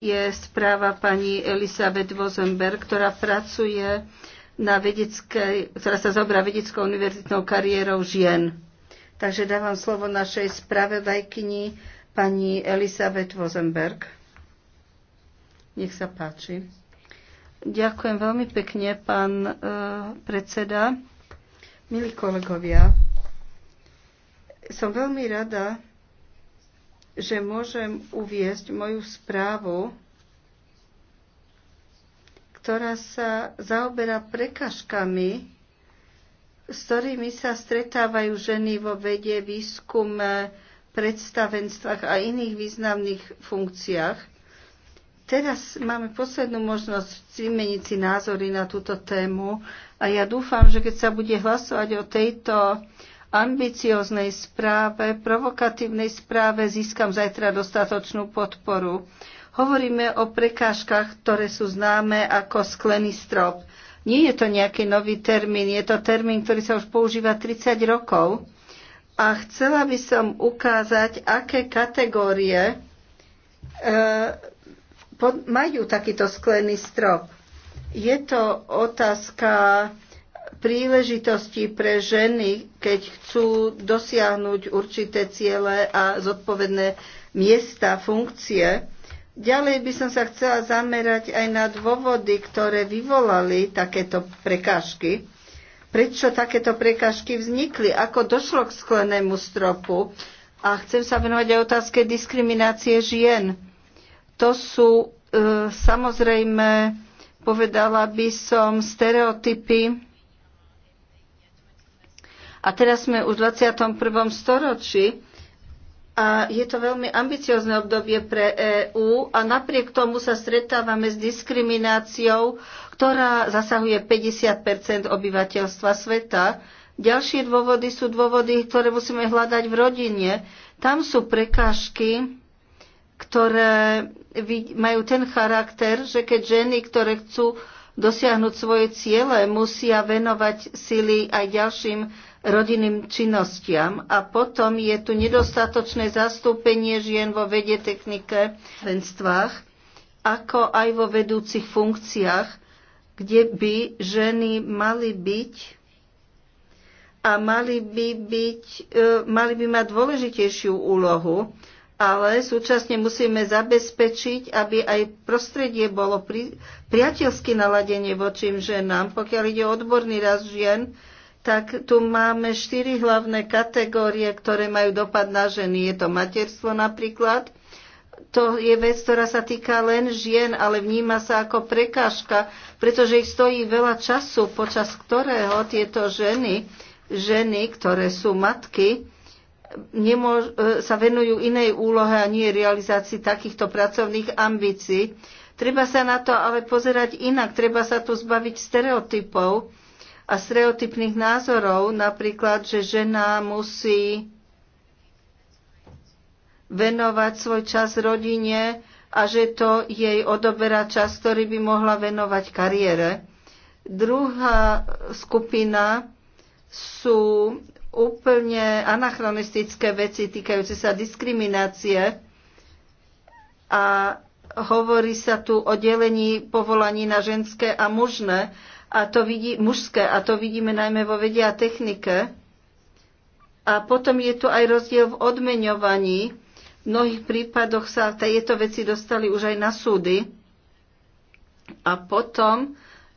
je správa pani Elisabeth Vozenberg, ktorá pracuje na vedeckej, ktorá sa zaoberá vedeckou univerzitnou kariérou žien. Takže dávam slovo našej spravedajkyni pani Elisabeth Vozenberg. Nech sa páči. Ďakujem veľmi pekne, pán e, predseda. Milí kolegovia, som veľmi rada, že môžem uviesť moju správu, ktorá sa zaoberá prekažkami, s ktorými sa stretávajú ženy vo vede, výskume, predstavenstvách a iných významných funkciách. Teraz máme poslednú možnosť vymeniť si názory na túto tému a ja dúfam, že keď sa bude hlasovať o tejto ambicioznej správe, provokatívnej správe získam zajtra dostatočnú podporu. Hovoríme o prekážkach, ktoré sú známe ako sklený strop. Nie je to nejaký nový termín, je to termín, ktorý sa už používa 30 rokov. A chcela by som ukázať, aké kategórie e, majú takýto sklený strop. Je to otázka príležitosti pre ženy, keď chcú dosiahnuť určité ciele a zodpovedné miesta, funkcie. Ďalej by som sa chcela zamerať aj na dôvody, ktoré vyvolali takéto prekážky. Prečo takéto prekážky vznikli? Ako došlo k sklenému stropu? A chcem sa venovať aj otázke diskriminácie žien. To sú e, samozrejme, povedala by som, stereotypy a teraz sme už v 21. storočí a je to veľmi ambiciozne obdobie pre EÚ a napriek tomu sa stretávame s diskrimináciou, ktorá zasahuje 50 obyvateľstva sveta. Ďalšie dôvody sú dôvody, ktoré musíme hľadať v rodine. Tam sú prekážky, ktoré majú ten charakter, že keď ženy, ktoré chcú dosiahnuť svoje ciele, musia venovať sily aj ďalším rodinným činnostiam. A potom je tu nedostatočné zastúpenie žien vo vede, technike, venstvách, ako aj vo vedúcich funkciách, kde by ženy mali byť a mali by, byť, e, mali by mať dôležitejšiu úlohu ale súčasne musíme zabezpečiť, aby aj prostredie bolo pri, priateľsky naladenie vočím ženám. Pokiaľ ide o odborný rast žien, tak tu máme štyri hlavné kategórie, ktoré majú dopad na ženy. Je to materstvo napríklad. To je vec, ktorá sa týka len žien, ale vníma sa ako prekážka, pretože ich stojí veľa času, počas ktorého tieto ženy, ženy, ktoré sú matky, nemôž, e, sa venujú inej úlohe a nie realizácii takýchto pracovných ambícií. Treba sa na to ale pozerať inak. Treba sa tu zbaviť stereotypov a stereotypných názorov, napríklad, že žena musí venovať svoj čas rodine a že to jej odoberá čas, ktorý by mohla venovať kariére. Druhá skupina sú úplne anachronistické veci týkajúce sa diskriminácie a hovorí sa tu o delení povolaní na ženské a mužné a to vidí, mužské a to vidíme najmä vo vede a technike. A potom je tu aj rozdiel v odmeňovaní. V mnohých prípadoch sa tieto veci dostali už aj na súdy. A potom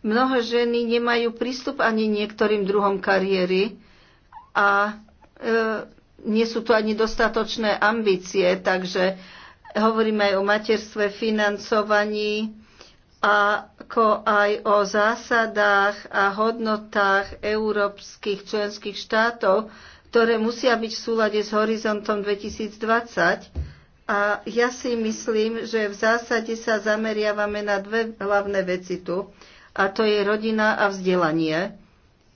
mnohé ženy nemajú prístup ani niektorým druhom kariéry a e, nie sú tu ani dostatočné ambície, takže hovoríme aj o materstve, financovaní, ako aj o zásadách a hodnotách európskych členských štátov, ktoré musia byť v súlade s horizontom 2020. A ja si myslím, že v zásade sa zameriavame na dve hlavné veci tu, a to je rodina a vzdelanie,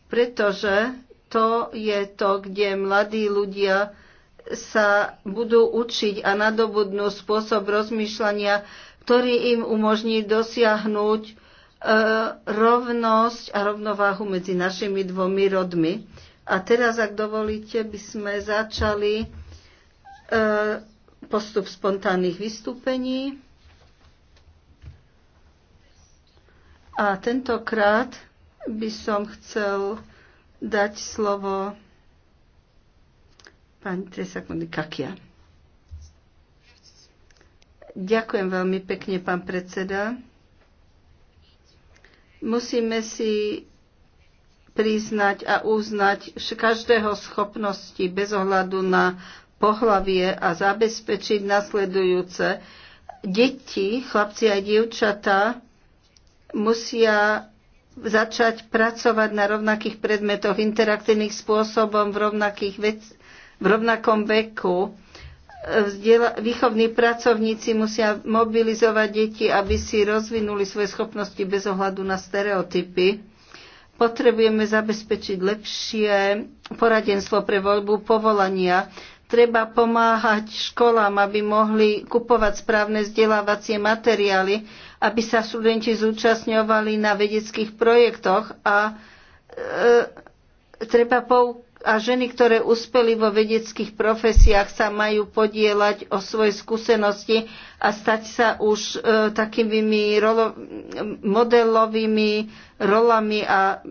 pretože to je to, kde mladí ľudia sa budú učiť a nadobudnú spôsob rozmýšľania, ktorý im umožní dosiahnuť e, rovnosť a rovnováhu medzi našimi dvomi rodmi. A teraz, ak dovolíte, by sme začali e, postup spontánnych vystúpení. A tentokrát by som chcel dať slovo pani Tresakundy Kakia. Ďakujem veľmi pekne, pán predseda. Musíme si priznať a uznať každého schopnosti bez ohľadu na pohlavie a zabezpečiť nasledujúce. Deti, chlapci a dievčatá musia začať pracovať na rovnakých predmetoch interaktívnym spôsobom v, rovnakých vec, v rovnakom veku. Vzdiela, výchovní pracovníci musia mobilizovať deti, aby si rozvinuli svoje schopnosti bez ohľadu na stereotypy. Potrebujeme zabezpečiť lepšie poradenstvo pre voľbu povolania. Treba pomáhať školám, aby mohli kupovať správne vzdelávacie materiály, aby sa študenti zúčastňovali na vedeckých projektoch a e, treba pou, a ženy, ktoré uspeli vo vedeckých profesiách, sa majú podielať o svoje skúsenosti a stať sa už e, takými rolo, modelovými rolami a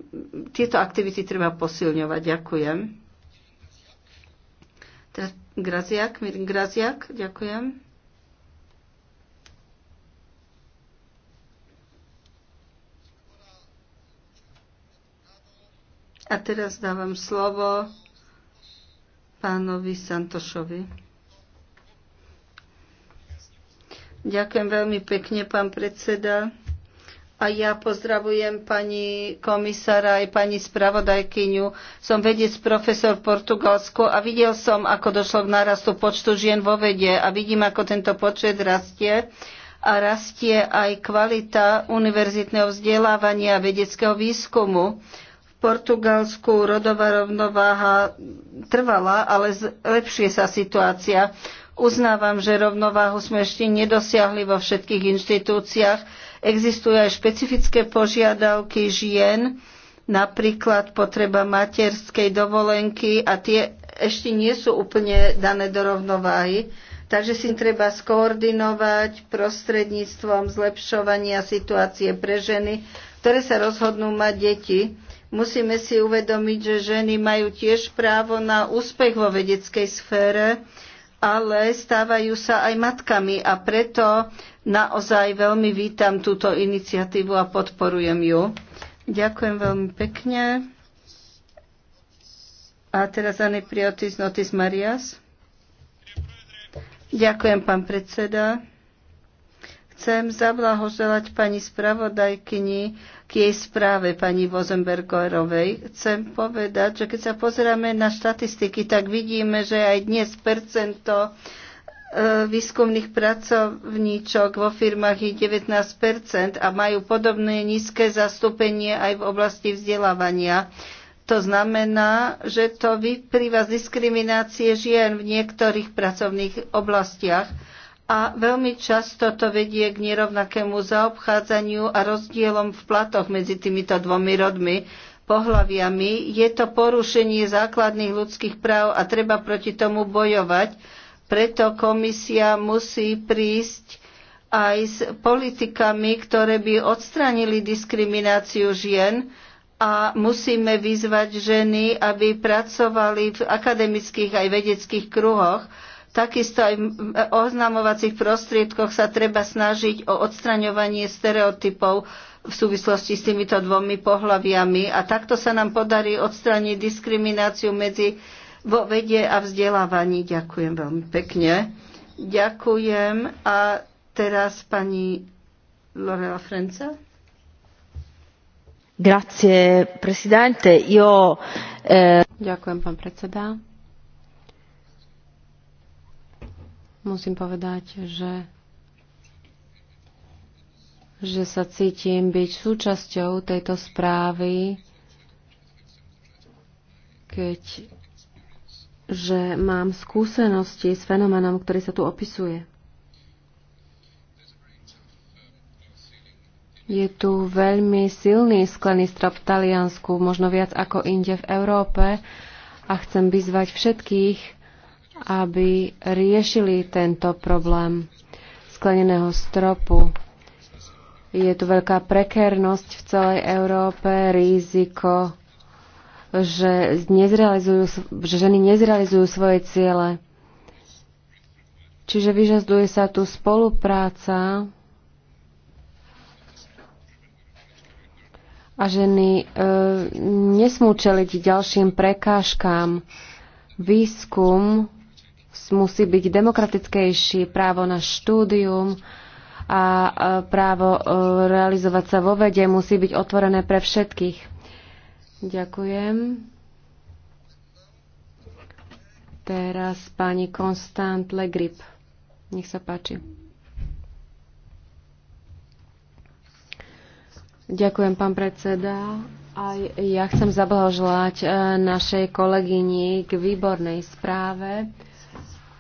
tieto aktivity treba posilňovať. Ďakujem. Graziak, Mirin Graziak, ďakujem. A teraz dávam slovo pánovi Santošovi. Ďakujem veľmi pekne, pán predseda. A ja pozdravujem pani komisára aj pani spravodajkyňu. Som vedec profesor v Portugalsku a videl som, ako došlo k nárastu počtu žien vo vede a vidím, ako tento počet rastie a rastie aj kvalita univerzitného vzdelávania a vedeckého výskumu. Portugalsku rodová rovnováha trvala, ale lepšie sa situácia. Uznávam, že rovnováhu sme ešte nedosiahli vo všetkých inštitúciách. Existujú aj špecifické požiadavky žien, napríklad potreba materskej dovolenky a tie ešte nie sú úplne dané do rovnováhy. Takže si treba skoordinovať prostredníctvom zlepšovania situácie pre ženy, ktoré sa rozhodnú mať deti Musíme si uvedomiť, že ženy majú tiež právo na úspech vo vedeckej sfére, ale stávajú sa aj matkami a preto naozaj veľmi vítam túto iniciatívu a podporujem ju. Ďakujem veľmi pekne. A teraz Priotis, Notis Marias. Ďakujem, pán predseda. Chcem zablahoželať pani spravodajkyni k jej správe pani Vozenbergerovej, chcem povedať, že keď sa pozeráme na štatistiky, tak vidíme, že aj dnes percento e, výskumných pracovníčok vo firmách je 19 a majú podobné nízke zastúpenie aj v oblasti vzdelávania. To znamená, že to vyplýva z diskriminácie žien v niektorých pracovných oblastiach a veľmi často to vedie k nerovnakému zaobchádzaniu a rozdielom v platoch medzi týmito dvomi rodmi, pohľaviami. Je to porušenie základných ľudských práv a treba proti tomu bojovať. Preto komisia musí prísť aj s politikami, ktoré by odstranili diskrimináciu žien a musíme vyzvať ženy, aby pracovali v akademických aj vedeckých kruhoch, Takisto aj v oznamovacích prostriedkoch sa treba snažiť o odstraňovanie stereotypov v súvislosti s týmito dvomi pohľaviami a takto sa nám podarí odstrániť diskrimináciu medzi vo vede a vzdelávaní. Ďakujem veľmi pekne. Ďakujem. A teraz pani Lorela Frenca. Grazie, presidente. Io, eh... Ďakujem, pán predseda. musím povedať, že že sa cítim byť súčasťou tejto správy, keď že mám skúsenosti s fenoménom, ktorý sa tu opisuje. Je tu veľmi silný sklený strop v Taliansku, možno viac ako inde v Európe a chcem vyzvať všetkých, aby riešili tento problém skleneného stropu. Je tu veľká prekernosť v celej Európe, riziko, že, že ženy nezrealizujú svoje ciele. Čiže vyžaduje sa tu spolupráca a ženy e, nesmú čeliť ďalším prekážkám. Výskum musí byť demokratickejší, právo na štúdium a právo e, realizovať sa vo vede musí byť otvorené pre všetkých. Ďakujem. Teraz pani Konstant Legrip. Nech sa páči. Ďakujem, pán predseda. Aj ja chcem zablahoželať e, našej kolegyni k výbornej správe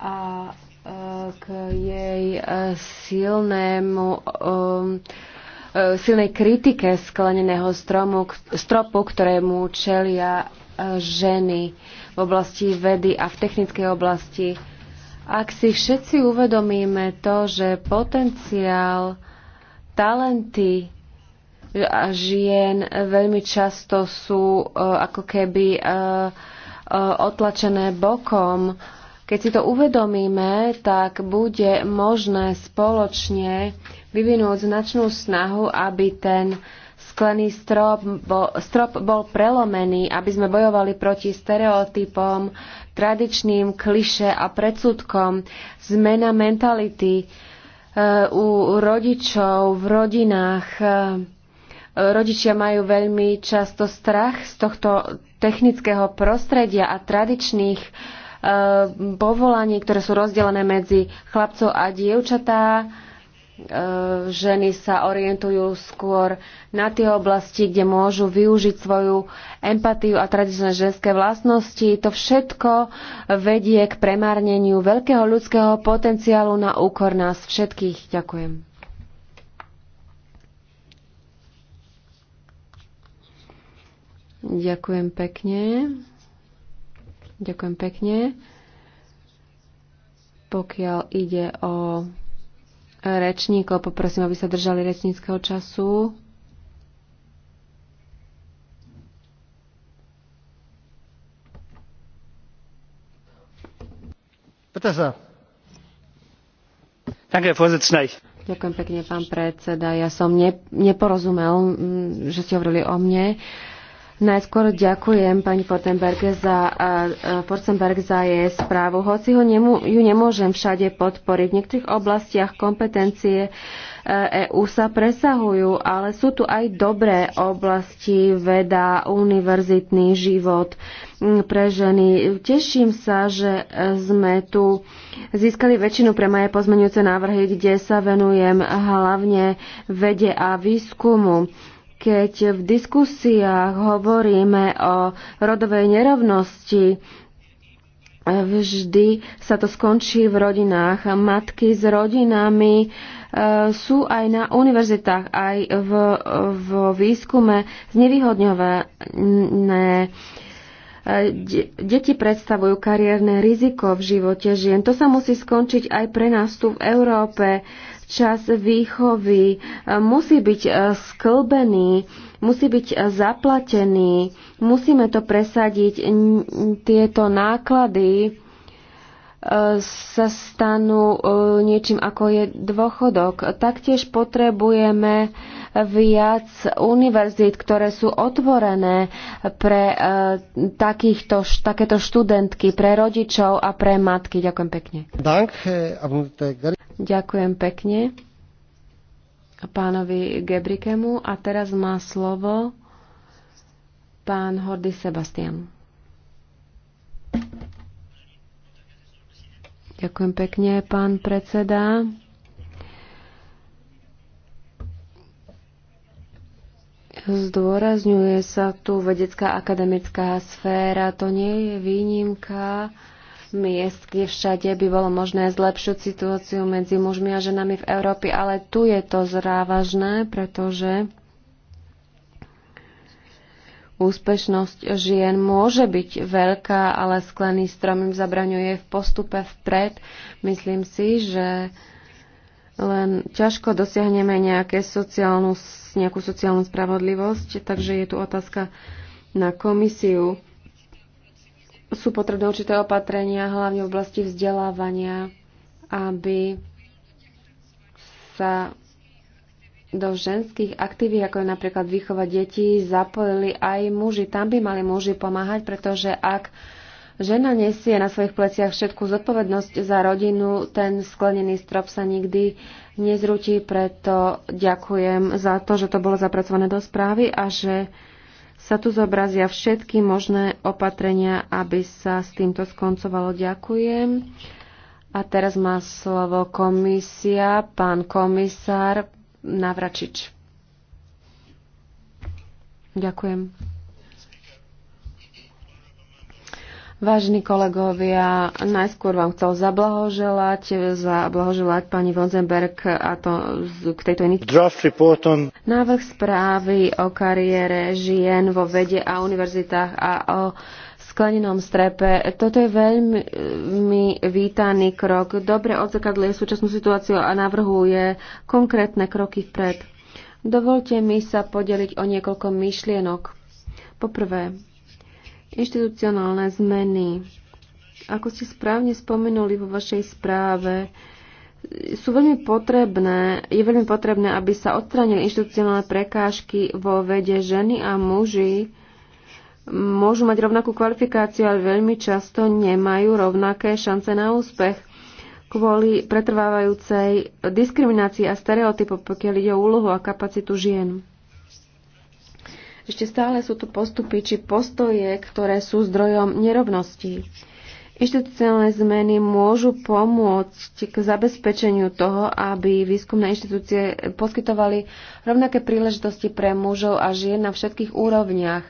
a e, k jej e, silnému um, e, silnej kritike skleneného stromu, stropu, ktorému čelia ženy v oblasti vedy a v technickej oblasti. Ak si všetci uvedomíme to, že potenciál, talenty a žien veľmi často sú ako keby otlačené bokom, keď si to uvedomíme, tak bude možné spoločne vyvinúť značnú snahu, aby ten sklený strop bol, strop bol prelomený, aby sme bojovali proti stereotypom, tradičným kliše a predsudkom, zmena mentality e, u rodičov, v rodinách. E, rodičia majú veľmi často strach z tohto technického prostredia a tradičných Ehm, povolaní, ktoré sú rozdelené medzi chlapcov a dievčatá. Ehm, ženy sa orientujú skôr na tie oblasti, kde môžu využiť svoju empatiu a tradičné ženské vlastnosti. To všetko vedie k premárneniu veľkého ľudského potenciálu na úkor nás všetkých. Ďakujem. Ďakujem pekne. Ďakujem pekne. Pokiaľ ide o rečníkov, poprosím, aby sa držali rečníckého času. Ďakujem pekne, pán predseda. Ja som neporozumel, že ste hovorili o mne. Uh, Najskôr ďakujem pani Fortenberg za, Fortenberg za jej správu. Hoci ho nemu, ju nemôžem všade podporiť, v niektorých oblastiach kompetencie EÚ e sa presahujú, ale sú tu aj dobré oblasti, veda, univerzitný život pre ženy. Teším sa, že e, sme tu získali väčšinu pre moje pozmenujúce návrhy, kde sa venujem hlavne vede a výskumu keď v diskusiách hovoríme o rodovej nerovnosti, vždy sa to skončí v rodinách. Matky s rodinami e, sú aj na univerzitách, aj v, v výskume znevýhodňované. E, deti predstavujú kariérne riziko v živote žien. To sa musí skončiť aj pre nás tu v Európe čas výchovy e, musí byť e, sklbený, musí byť e, zaplatený, musíme to presadiť, tieto náklady sa stanú niečím ako je dôchodok. Taktiež potrebujeme viac univerzít, ktoré sú otvorené pre takýchto, takéto študentky, pre rodičov a pre matky. Ďakujem pekne. Ďakujem pekne pánovi Gebrikemu a teraz má slovo pán Hordy Sebastian. Ďakujem pekne, pán predseda. Zdôrazňuje sa tu vedecká akademická sféra. To nie je výnimka miest, kde všade by bolo možné zlepšiť situáciu medzi mužmi a ženami v Európe, ale tu je to zrávažné, pretože úspešnosť žien môže byť veľká, ale sklený strom im zabraňuje v postupe vpred. Myslím si, že len ťažko dosiahneme nejaké sociálnu, nejakú sociálnu spravodlivosť, takže je tu otázka na komisiu sú potrebné určité opatrenia, hlavne v oblasti vzdelávania, aby sa do ženských aktivít, ako je napríklad výchova detí, zapojili aj muži. Tam by mali muži pomáhať, pretože ak žena nesie na svojich pleciach všetku zodpovednosť za rodinu, ten sklenený strop sa nikdy nezrutí, preto ďakujem za to, že to bolo zapracované do správy a že sa tu zobrazia všetky možné opatrenia, aby sa s týmto skoncovalo. Ďakujem. A teraz má slovo komisia, pán komisár Navračič. Ďakujem. Vážení kolegovia, najskôr vám chcel zablahoželať, zablahoželať pani Vonzenberg a to, k tejto iniciatíve. Návrh správy o kariére žien vo vede a univerzitách a o sklenenom strepe. Toto je veľmi vítaný krok. Dobre odzakadluje súčasnú situáciu a navrhuje konkrétne kroky vpred. Dovolte mi sa podeliť o niekoľko myšlienok. Poprvé, Inštitucionálne zmeny. Ako ste správne spomenuli vo vašej správe, sú veľmi potrebné, je veľmi potrebné, aby sa odstránili inštitucionálne prekážky vo vede ženy a muži, môžu mať rovnakú kvalifikáciu, ale veľmi často nemajú rovnaké šance na úspech kvôli pretrvávajúcej diskriminácii a stereotypu, pokiaľ ide o úlohu a kapacitu žien. Ešte stále sú tu postupy či postoje, ktoré sú zdrojom nerovností. Inštitucionálne zmeny môžu pomôcť k zabezpečeniu toho, aby výskumné inštitúcie poskytovali rovnaké príležitosti pre mužov a žien na všetkých úrovniach.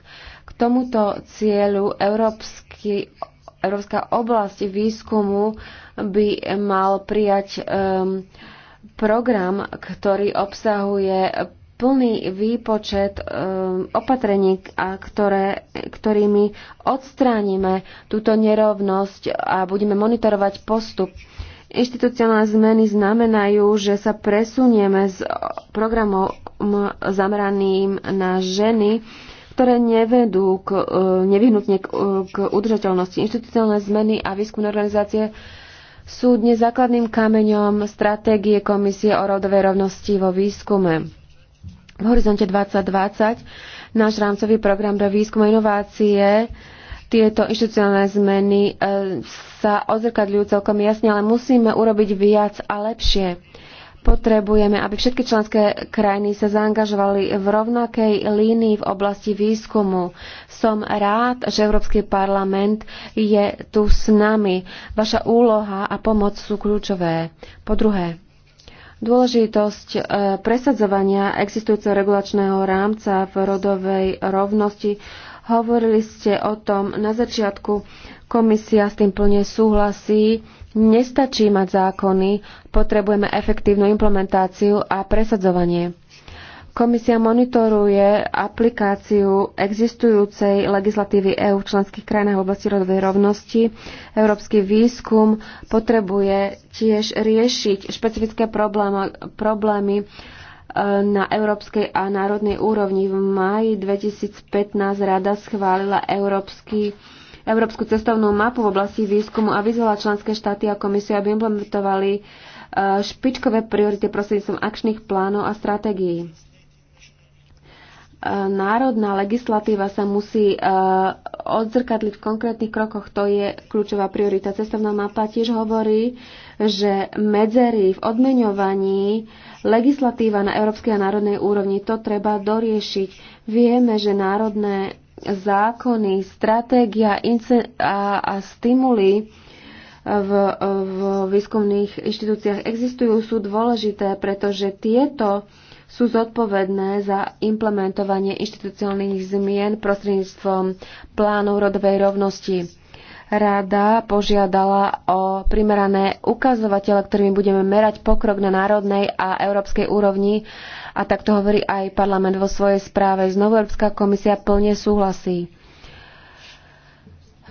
K tomuto cieľu Európsky, Európska oblasť výskumu by mal prijať um, program, ktorý obsahuje plný výpočet um, opatrení, a ktoré, ktorými odstránime túto nerovnosť a budeme monitorovať postup. Inštitucionálne zmeny znamenajú, že sa presunieme z programov zameraným na ženy, ktoré nevedú k, eh, nevyhnutne k, k udržateľnosti. Inštitucionálne zmeny a výskumné organizácie sú dnes základným kameňom stratégie Komisie o rodovej rovnosti vo výskume v horizonte 2020 náš rámcový program pre výskum a inovácie tieto inštitucionálne zmeny e, sa odzrkadľujú celkom jasne, ale musíme urobiť viac a lepšie. Potrebujeme, aby všetky členské krajiny sa zaangažovali v rovnakej línii v oblasti výskumu. Som rád, že Európsky parlament je tu s nami. Vaša úloha a pomoc sú kľúčové. Po druhé, Dôležitosť e, presadzovania existujúceho regulačného rámca v rodovej rovnosti. Hovorili ste o tom na začiatku. Komisia s tým plne súhlasí. Nestačí mať zákony, potrebujeme efektívnu implementáciu a presadzovanie. Komisia monitoruje aplikáciu existujúcej legislatívy EÚ v členských krajinách v oblasti rodovej rovnosti. Európsky výskum potrebuje tiež riešiť špecifické problémy, problémy e, na európskej a národnej úrovni. V máji 2015 rada schválila európsky Európsku cestovnú mapu v oblasti výskumu a vyzvala členské štáty a komisiu, aby implementovali e, špičkové priority prostredníctvom akčných plánov a stratégií národná legislatíva sa musí e, odzrkadliť v konkrétnych krokoch. To je kľúčová priorita. Cestovná mapa tiež hovorí, že medzery v odmeňovaní legislatíva na európskej a národnej úrovni, to treba doriešiť. Vieme, že národné zákony, stratégia a stimuly e, v, v výskumných inštitúciách existujú, sú dôležité, pretože tieto sú zodpovedné za implementovanie inštitucionálnych zmien prostredníctvom plánu rodovej rovnosti. Rada požiadala o primerané ukazovatele, ktorými budeme merať pokrok na národnej a európskej úrovni a tak to hovorí aj parlament vo svojej správe. Znovu Európska komisia plne súhlasí.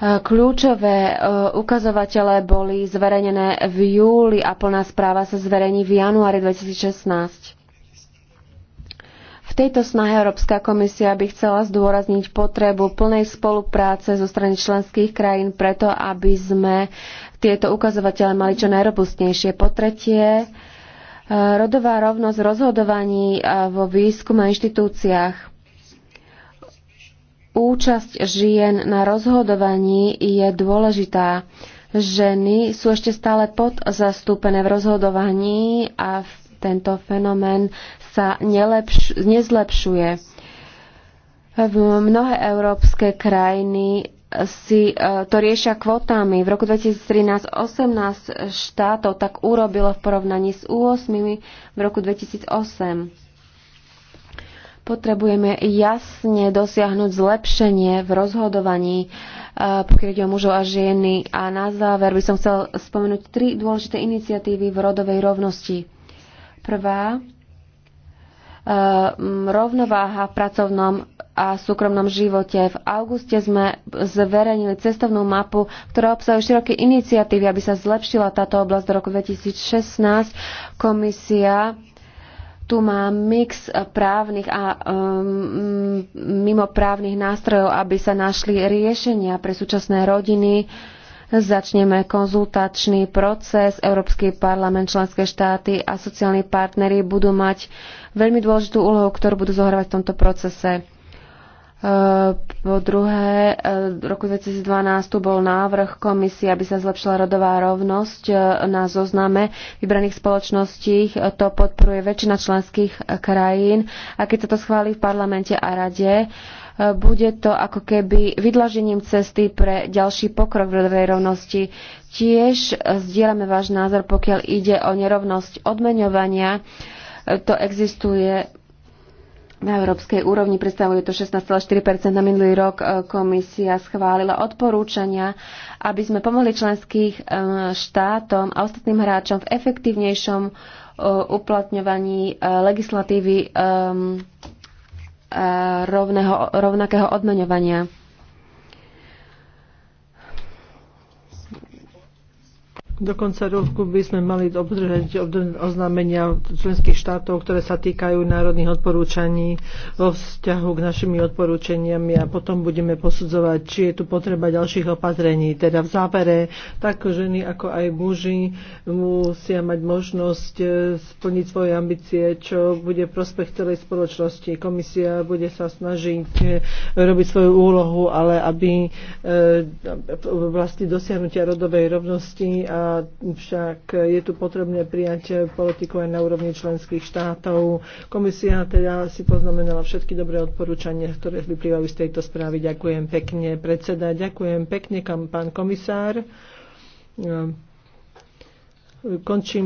Kľúčové e, ukazovatele boli zverejnené v júli a plná správa sa zverejní v januári 2016. V tejto snahe Európska komisia by chcela zdôrazniť potrebu plnej spolupráce zo strany členských krajín preto, aby sme tieto ukazovatele mali čo najrobustnejšie. Po tretie, e, rodová rovnosť rozhodovaní e, vo výskume a inštitúciách. Účasť žien na rozhodovaní je dôležitá. Ženy sú ešte stále podzastúpené v rozhodovaní a v tento fenomén sa nelepš- nezlepšuje. V mnohé európske krajiny si e, to riešia kvotami. V roku 2013 18 štátov tak urobilo v porovnaní s 8 v roku 2008. Potrebujeme jasne dosiahnuť zlepšenie v rozhodovaní, e, pokiaľ ide o mužov a ženy. A na záver by som chcel spomenúť tri dôležité iniciatívy v rodovej rovnosti. Prvá, e, rovnováha v pracovnom a súkromnom živote. V auguste sme zverejnili cestovnú mapu, ktorá obsahuje široké iniciatívy, aby sa zlepšila táto oblasť do roku 2016. Komisia tu má mix právnych a um, mimoprávnych nástrojov, aby sa našli riešenia pre súčasné rodiny, uh, Začneme konzultačný proces. Európsky parlament, členské štáty a sociálni partnery budú mať veľmi dôležitú úlohu, ktorú budú zohrávať v tomto procese. E, po druhé, e, v roku 2012 tu bol návrh komisie, aby sa zlepšila rodová rovnosť e, na zozname vybraných spoločností. To podporuje väčšina členských krajín. A keď sa to schválí v parlamente a rade, bude to ako keby vydlažením cesty pre ďalší pokrok v rodovej rovnosti. Tiež zdieľame váš názor, pokiaľ ide o nerovnosť odmeňovania. To existuje na európskej úrovni predstavuje to 16,4 na minulý rok. E, komisia schválila odporúčania, aby sme pomohli členských e, štátom a ostatným hráčom v efektívnejšom e, uplatňovaní legislatívy rovného, rovnakého odmeňovania. Do konca roku by sme mali obdržať oznámenia členských štátov, ktoré sa týkajú národných odporúčaní vo vzťahu k našimi odporúčaniami a potom budeme posudzovať, či je tu potreba ďalších opatrení. Teda v závere tak ženy ako aj muži musia mať možnosť e, splniť svoje ambície, čo bude prospech celej spoločnosti. Komisia bude sa snažiť e, robiť svoju úlohu, ale aby e, vlastne dosiahnutia rodovej rovnosti a však je tu potrebné prijať politiku aj na úrovni členských štátov. Komisia teda si poznamenala všetky dobré odporúčania, ktoré vyplývajú z tejto správy. Ďakujem pekne, predseda. Ďakujem pekne, pán komisár. Končím